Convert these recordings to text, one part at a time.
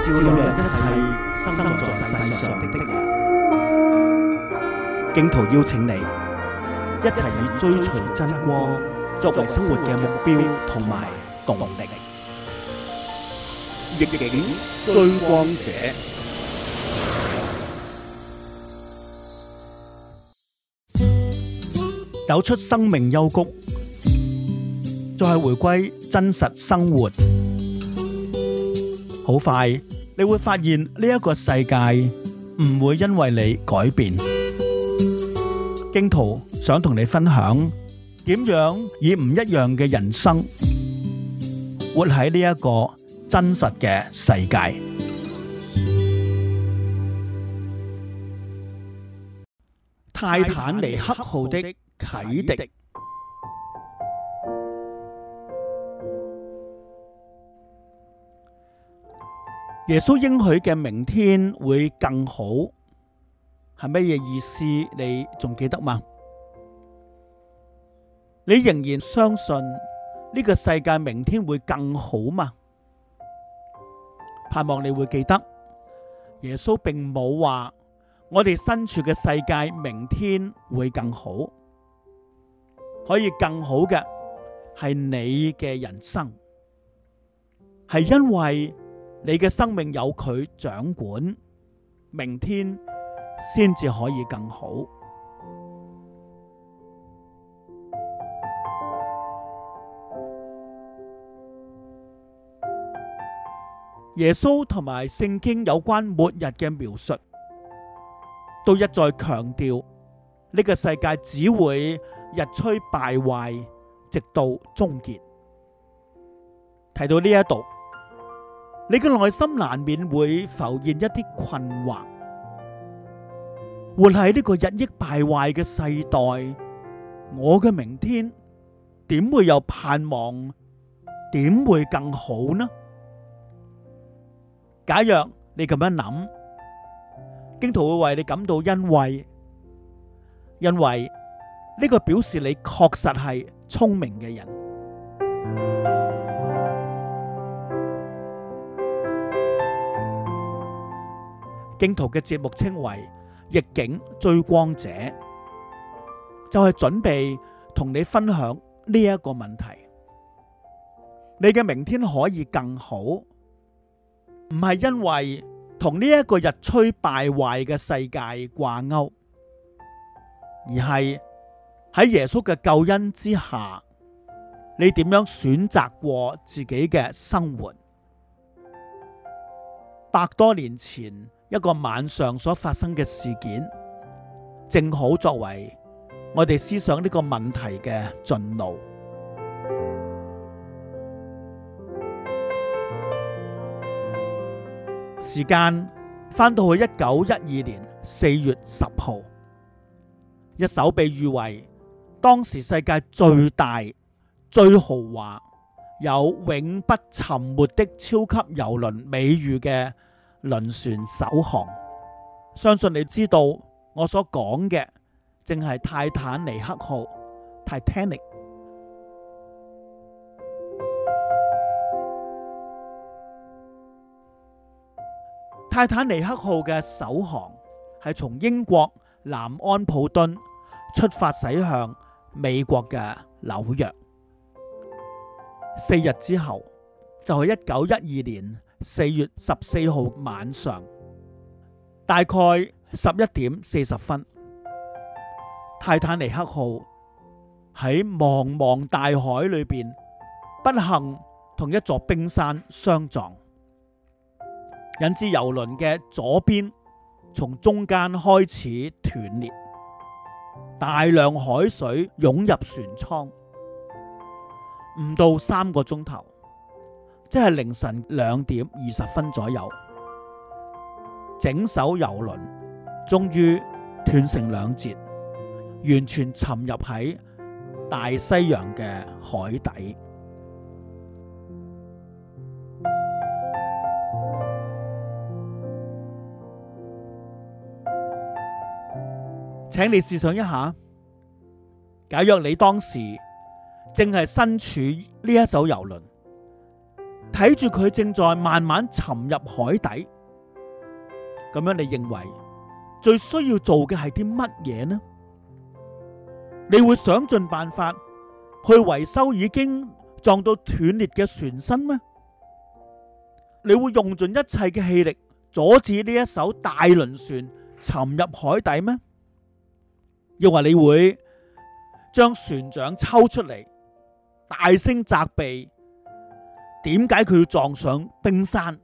照亮一切生在世上的人，荊徒邀請你一齊以追隨真光作為生活嘅目標同埋動力，逆境追光者走出生命幽谷，再係回歸真實生活，好快。你會發現呢一個世界唔會因為你改變。荊徒想同你分享點樣以唔一樣嘅人生活喺呢一個真實嘅世界。泰坦尼克號的啟迪。耶穌應許嘅明天會更好，係乜嘢意思？你仲記得嗎？你仍然相信呢個世界明天會更好嗎？盼望你會記得，耶穌並冇話我哋身處嘅世界明天會更好，可以更好嘅係你嘅人生，係因為。你嘅生命有佢掌管，明天先至可以更好。耶穌同埋聖經有關末日嘅描述，都一再強調呢個世界只會日趨敗壞，直到終結。提到呢一度。你嘅內心難免會浮現一啲困惑。活喺呢個日益敗壞嘅世代，我嘅明天點會有盼望？點會更好呢？假若你咁樣諗，荊徒會為你感到欣慰，因為呢個表示你確實係聰明嘅人。荊徒嘅節目稱為逆境追光者，就係、是、準備同你分享呢一個問題。你嘅明天可以更好，唔係因為同呢一個日趨敗壞嘅世界掛鈎，而係喺耶穌嘅救恩之下，你點樣選擇過自己嘅生活？百多年前。一個晚上所發生嘅事件，正好作為我哋思想呢個問題嘅進路。時間翻到去一九一二年四月十號，一艘被譽為當時世界最大、最豪華、有永不沉沒的超級郵輪美譽嘅。輪船首航，相信你知道我所講嘅，正係泰坦尼克號 Titanic。泰坦尼克號嘅首航係從英國南安普敦出發駛向美國嘅紐約。四日之後，就係一九一二年。四月十四號晚上，大概十一點四十分，泰坦尼克號喺茫茫大海裏邊，不幸同一座冰山相撞，引致遊輪嘅左邊從中間開始斷裂，大量海水湧入船艙，唔到三個鐘頭。即係凌晨兩點二十分左右，整艘遊輪終於斷成兩截，完全沉入喺大西洋嘅海底。請你試想一下，假若你當時正係身處呢一艘遊輪。睇住佢正在慢慢沉入海底，咁樣你認為最需要做嘅係啲乜嘢呢？你會想盡辦法去維修已經撞到斷裂嘅船身咩？你會用盡一切嘅氣力阻止呢一艘大輪船沉入海底咩？抑或你會將船長抽出嚟，大聲責備？點解佢要撞上冰山，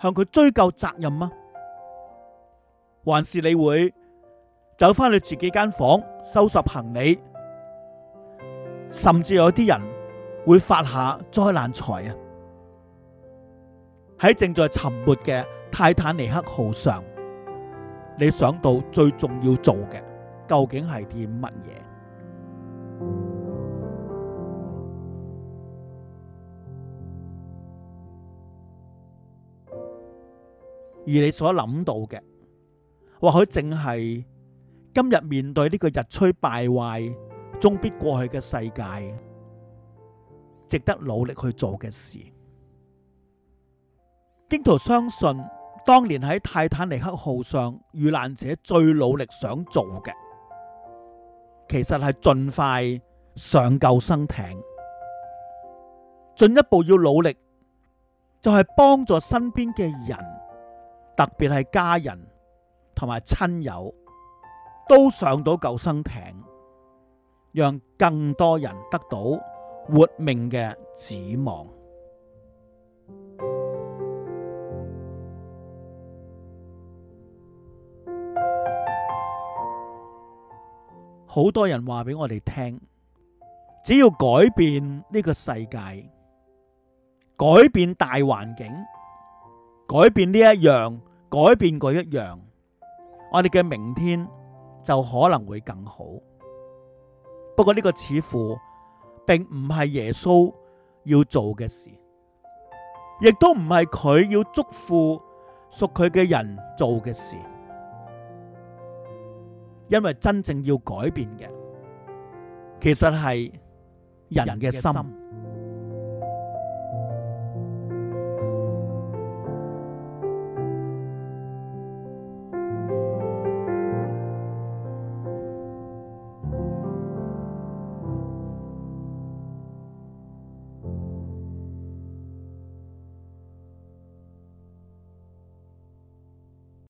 向佢追究責任啊？還是你會走翻你自己間房收拾行李，甚至有啲人會發下災難財啊？喺正在沉沒嘅泰坦尼克號上，你想到最重要做嘅究竟係點乜嘢？而你所諗到嘅，或許正係今日面對呢個日趨敗壞、終必過去嘅世界，值得努力去做嘅事。基督徒相信，當年喺泰坦尼克號上遇難者最努力想做嘅，其實係盡快上救生艇，進一步要努力就係、是、幫助身邊嘅人。特別係家人同埋親友都上到救生艇，讓更多人得到活命嘅指望。好多人話俾我哋聽，只要改變呢個世界，改變大環境，改變呢一樣。改變過一樣，我哋嘅明天就可能會更好。不過呢個似乎並唔係耶穌要做嘅事，亦都唔係佢要祝福屬佢嘅人做嘅事，因為真正要改變嘅，其實係人嘅心。